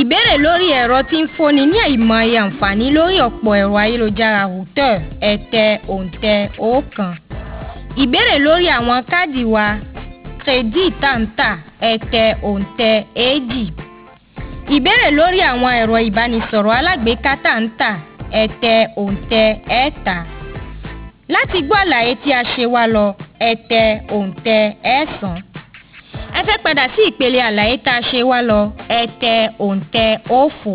ìbéèrè lórí ẹ̀rọ tí ń fúnni ní àìmọye àǹfààní lórí ọ̀pọ̀ ẹ̀rọ ayélujára router ẹ̀tẹ̀ òǹtẹ̀ ọ̀kan ìbéèrè lórí àwọn káàdì wa kírẹ́dì tàǹtà ẹ̀tẹ̀ òǹtẹ̀ èjì ìbéèrè lórí àwọn ẹ̀rọ ìbánisọ̀rọ̀ alágbèéká tàǹtà ẹ̀tẹ̀ òǹtẹ̀ ẹ̀ta láti gbọ́ àlàyé tí a ṣe wá lọ ẹ̀tẹ̀ òǹtẹ̀ ẹ̀sán ẹ fẹ́ padà sí ìpele àlàyé tá a ṣe wá lọ ẹ tẹ òǹtẹ̀ òfo